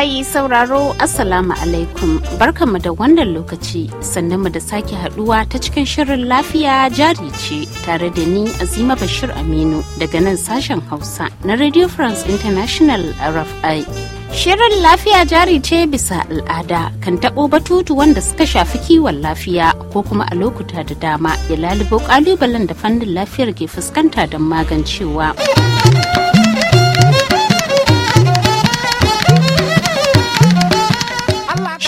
Mai sauraro Assalamu alaikum barkanmu da wannan lokaci sannan mu da sake haduwa ta cikin shirin lafiya jari ce tare da ni Azima Bashir Aminu daga nan sashen Hausa na Radio France International RFI. Shirin lafiya jari ce bisa al'ada kan taɓo batutu wanda suka shafi kiwon lafiya ko kuma a lokuta da dama ya lalubo ƙalubalen da fannin lafiyar ke fuskanta don magancewa.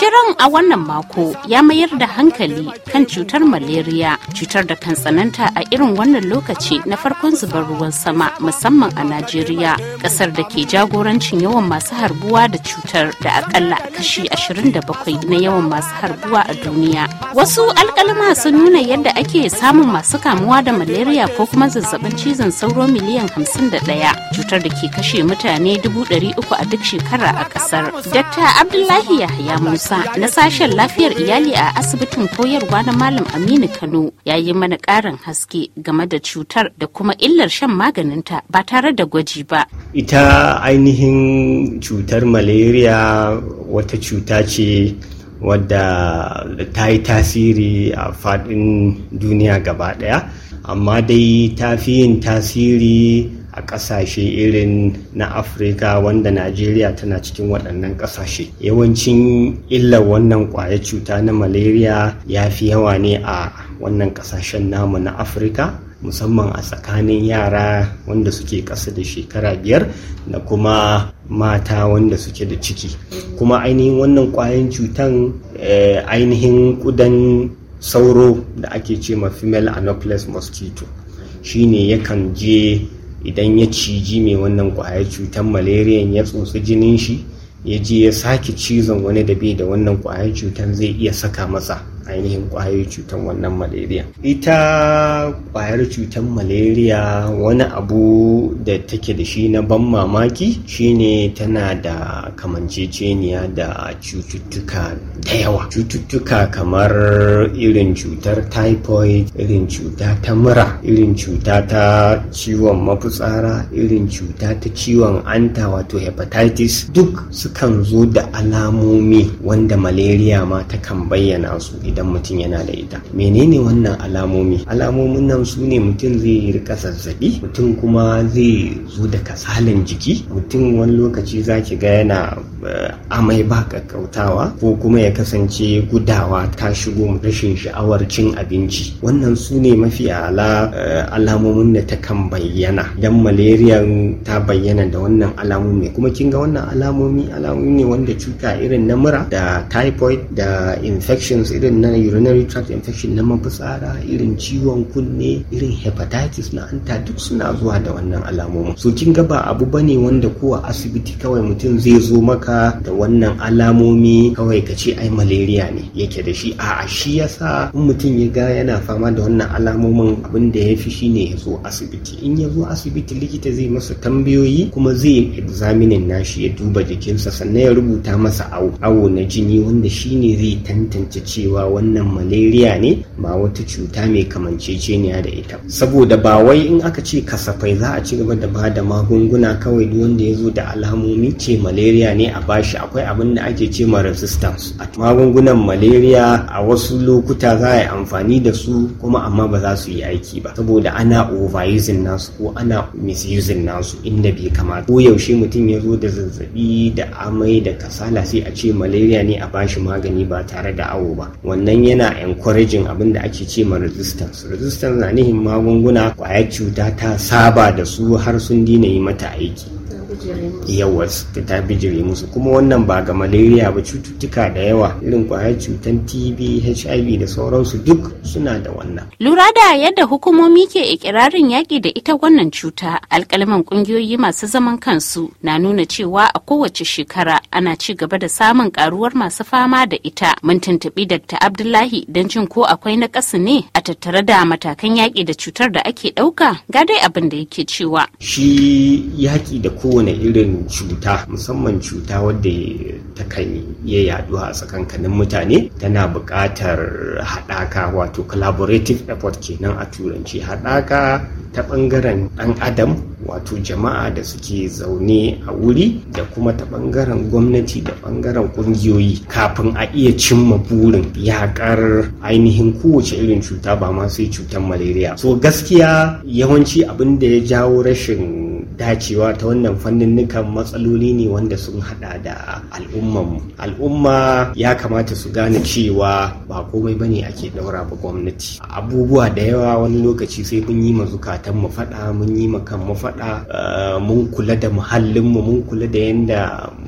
Shirin a wannan mako ya mayar da hankali kan cutar malaria, cutar da kan tsananta a irin wannan lokaci na farkon zubar ruwan sama musamman a Najeriya, kasar da ke jagorancin yawan masu harbuwa da cutar da akalla kashi 27 na yawan masu harbuwa a duniya. Wasu alkalma sun nuna yadda ake samun masu kamuwa da malaria ko kuma zazzabin cizon sauro miliyan 51 cutar da ke kashe mutane 300 a duk shekara a kasar. Dr. Abdullahi Yahya Musa na sashen lafiyar iyali a asibitin koyarwa na Malam Aminu Kano ya yi mana ƙarin haske game da cutar da kuma illar shan maganinta ba tare da gwaji ba. Ita ainihin cutar malaria wata cuta ce wadda ta yi tasiri a faɗin duniya gaba ɗaya, amma dai ta fi yin tasiri a ƙasashe irin na afirka wanda najeriya tana cikin waɗannan ƙasashe yawancin illar wannan ƙwayar cuta na malaria ya fi yawa ne a wannan ƙasashen namu na afirka musamman a tsakanin yara wanda suke ƙasa da shekara biyar da kuma mata wanda suke da ciki kuma ainihin wannan ƙwayan cutan eh, ainihin ƙudan sauro da ake ce ma female anopheles mosquito shine yakan je idan ya ciji mai wannan kwayar cutar malaria ya tsotsi jinin shi ya je ya sake cizon wani da bai da wannan kwayar cutar zai iya saka masa ainihin kwayoyin cutar wannan malaria ita kwayar cutar malaria wani abu da take da shi na ban mamaki shine tana da kamanceceniya da cututtuka da yawa cututtuka kamar irin cutar typhoid irin cuta ta mura irin cuta ta ciwon mafitsara irin cuta ta ciwon anta wato hepatitis duk sukan zo da alamomi wanda malaria ma takan bayyana su idan mutum yana da ita menene wannan alamomi alamomin nan su ne mutum zai rika zazzabi mutum kuma zai zo da kasalan jiki mutum wani lokaci za ki ga yana Eh, amai ba kakkautawa ko kuma ya kasance gudawa ta shigo rashin sha'awar cin abinci wannan su ne mafi ala eh, alamomin da ta kan bayyana idan malaria ta bayyana da wannan alamomi kuma kin ga wannan alamomi alamomi ne wanda cuta irin na mura da typhoid da infections irin na urinary tract infection na mafitsara irin ciwon kunne irin hepatitis na anta duk suna zuwa da wannan alamomin so kin ga ba abu bane wanda ko asibiti kawai mutum zai zo maka ka da wannan alamomi kawai ka ce ai malaria ne yake da shi a shi yasa in mutum ya ga yana fama da wannan alamomin abin da ya fi shi ne ya zo asibiti in ya zo asibiti likita zai masa tambayoyi kuma zai examining nashi ya duba jikinsa sannan ya rubuta masa awo na jini wanda shi ne zai tantance cewa wannan malaria ne ba wata cuta mai kamanceceniya da ita saboda ba wai in aka ce kasafai za a ci gaba da ba da magunguna kawai duk wanda ya zo da alamomi ce malaria ne a bashi akwai abin da ake ce ma resistance a magungunan malaria a wasu lokuta za a yi amfani da su kuma amma ba za su yi aiki ba saboda ana overusing nasu ko ana misusing nasu inda bai kamata ko yaushe mutum ya zo da zazzabi da amai da kasala sai a ce malaria ne a bashi magani ba tare da awo ba wannan yana encouraging abin da ake ce ma resistance resistance na nihin magunguna kwayar cuta ta saba da su har sun dina yi mata aiki yawa ta bijire musu kuma wannan ba ga malaria ba cututtuka da yawa irin kwayar cutar tb hiv da sauransu duk suna da wannan lura da yadda hukumomi ke ikirarin yaƙi da ita wannan cuta alƙalman ƙungiyoyi masu zaman kansu na nuna cewa a kowace shekara ana ci gaba da samun ƙaruwar masu fama da ita mun tuntuɓi dr abdullahi don jin ko akwai na ne a tattare da matakan yaƙi da cutar da ake ɗauka ga dai abin da yake cewa shi yaƙi da kowane irin cuta musamman cuta wadda ta kan iya yaduwa a tsakankanin mutane tana buƙatar haɗaka wato collaborative effort kenan a turanci haɗaka ta ɓangaren ɗan adam wato jama'a da suke zaune a wuri da kuma ta ɓangaren gwamnati da ɓangaren ƙungiyoyi kafin a iya cimma burin yaƙar ainihin kowace irin cuta ba ma sai cutar malaria so gaskiya yawanci abin da ya jawo rashin dacewa ta wannan fanninnikan matsaloli ne wanda sun hada da al'ummar mu. al'umma ya kamata su gane cewa ba komai bane ake daura ba gwamnati abubuwa da yawa wani lokaci sai mun yi ma zukatan mu fada mun yi ma kan mu fada eh, mun kula da muhallin mu, mun kula da yanda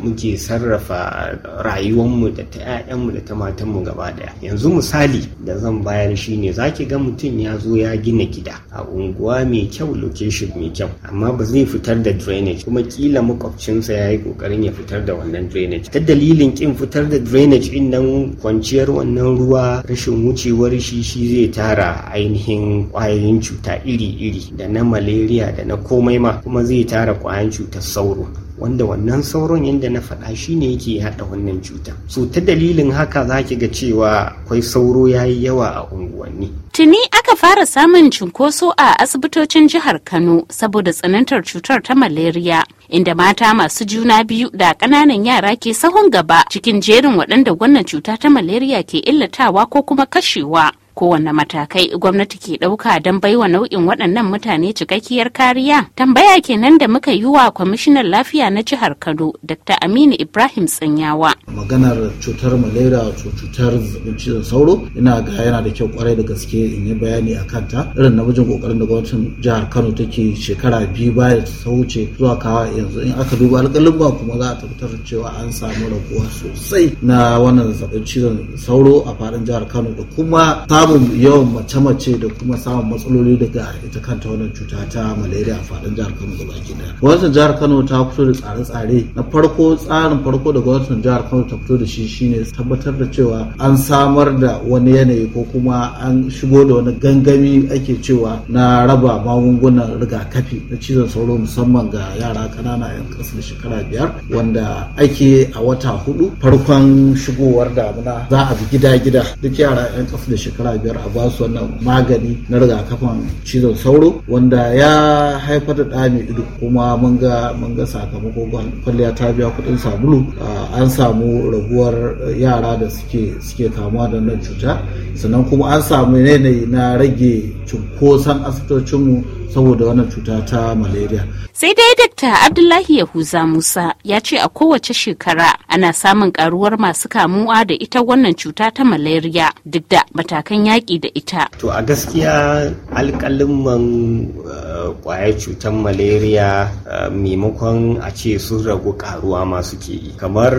muke sarrafa rayuwar mu da ta mu da ta mu gaba daya yanzu misali da zan bayar shine zaki ga mutum ya zo ya gina gida a unguwa mai kyau location mai kyau amma ba zai fitar da drainage kuma kila makwabcinsa ya yi kokarin ya fitar da wannan drainage ta dalilin kin fitar da drainage din nan kwanciyar wannan ruwa rashin wucewar shi shi zai tara ainihin kwayoyin cuta iri-iri da na malaria da na komai ma kuma zai tara kwayan cutar sauro wanda wannan sauron yadda na faɗa shi ne yake haɗa wannan cuta so ta dalilin haka za ki ga cewa akwai sauro ya yi yawa a unguwanni tuni aka fara samun cunkoso a asibitocin jihar Kano saboda tsanantar cutar ta malaria. Inda mata masu juna biyu da ƙananan yara ke sahun gaba cikin jerin waɗanda wannan cuta ta malaria ke illatawa ko kuma kashewa. kowane matakai gwamnati ke ɗauka don baiwa nau'in waɗannan mutane cikakkiyar kariya tambaya kenan da muka yi wa kwamishinan lafiya na jihar kano dr aminu ibrahim tsanyawa maganar cutar malaria cutar zazzabin cizon sauro ina ga yana da kyau kwarai da gaske in yi bayani a kanta irin namijin kokarin da gwamnatin jihar kano take shekara biyu baya ta wuce zuwa kawa yanzu in aka duba alƙalin ba kuma za a tabbatar cewa an samu raguwa sosai na wannan zazzabin cizon sauro a faɗin jihar kano da kuma samun yawan mace-mace da kuma samun matsaloli daga ita kanta wannan cuta ta malaria a faɗin jihar Kano da baki daya. Gwamnatin jihar Kano ta fito da tsare-tsare na farko tsarin farko da gwamnatin jihar Kano ta fito da shi shine tabbatar da cewa an samar da wani yanayi ko kuma an shigo da wani gangami ake cewa na raba magungunan rigakafi na cizon sauro musamman ga yara ƙanana 'yan da shekara biyar wanda ake a wata hudu farkon shigowar damuna za a bi gida-gida duk yara 'yan ƙasar da shekara biyar a basu wannan magani na rigakafin cizon sauro wanda ya haifar da ɗa mai ido kuma mun ga mun ga sakamako kwalliya ta biya kuɗin sabulu an samu raguwar yara da suke suke kamuwa da wannan cuta sannan kuma an samu yanayi na rage cunkoson asibitocinmu saboda wannan cuta ta malaria. Sai dai Dakta Abdullahi Yahuza Musa ya ce a kowace shekara ana samun karuwar masu kamuwa da ita wannan cuta ta malaria duk da matakan yaƙi da ita. To a gaskiya alƙaliman eh, ƙwayar cutar malaria eh, maimakon a ce sun ragu karuwa ma ke yi. Kamar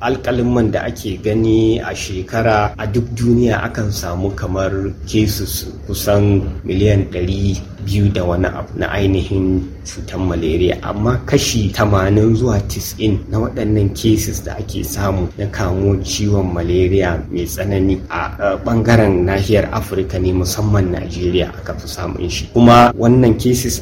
alƙaliman da ake gani a shekara a duk duniya akan samu kamar kesus kusan miliyan ɗari biyu da wani abu na ainihin cutar malaria amma kashi 80 zuwa 90 na waɗannan cases da ake samu na kamo ciwon malaria mai tsanani a ɓangaren nahiyar afirka ne musamman najeriya aka fi samun shi kuma wannan cases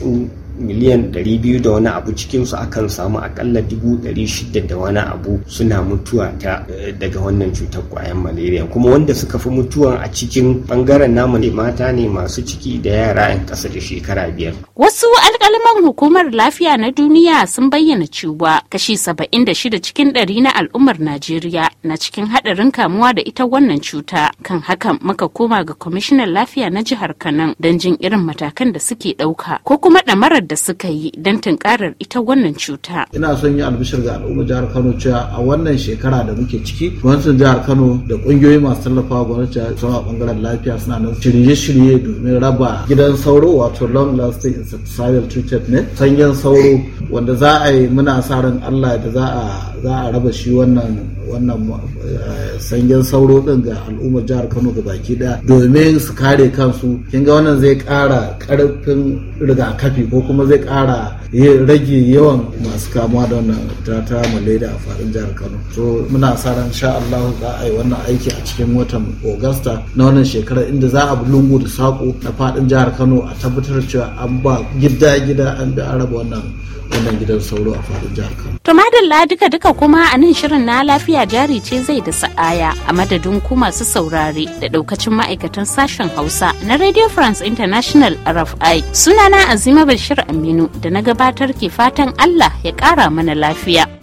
miliyan 200 da wani abu cikinsu akan samu akalla 600 da wani abu suna mutuwa ta eh, daga wannan cutar kwayan malaria kuma wanda suka fi mutuwa a cikin bangaren namu ne mata ne masu ciki da yara 'yan kasa da shekara biyar. Wasu alkalaman hukumar lafiya na duniya sun bayyana cewa kashi 76 cikin ɗari na al'ummar Najeriya na cikin hadarin kamuwa da ita wannan cuta. Kan hakan muka koma ga kwamishinan lafiya na jihar kanan don jin irin matakan da suke ɗauka ko kuma ɗamarar da suka yi don tunkarar ita wannan cuta. Ina son yi albishir ga al'umma jihar Kano cewa a wannan shekara da muke ciki, gwamnatin jihar Kano da kungiyoyi masu tallafawa gwamnati sama bangaren lafiya suna nan shirye-shirye domin raba gidan sauro wato long lasting insecticidal treated ne sanyin sauro wanda za a yi muna sa ran Allah da za a za a raba shi wannan wannan eh, sanyin sauro din ga al'ummar jihar Kano ga baki daya domin su kare kansu kin ga wannan zai kara karfin rigakafi ko kuma kuma zai ƙara rage yawan masu kamuwa da wannan ta ta malaria a faɗin jihar kano so muna sa ran sha Allah za a yi wannan aiki a cikin watan augusta na wannan shekarar inda za a lungu da saƙo a faɗin jihar kano a tabbatar cewa an ba gida gida an bi an wannan wannan gidan sauro a faɗin jihar Kano. To madalla duka duka kuma a nan shirin na lafiya jari ce zai da sa'aya a madadin ku masu saurare da ɗaukacin ma'aikatan sashen Hausa na Radio France International RFI. Sunana Azima Bashir Aminu da na gabatar ke fatan Allah ya ƙara mana lafiya.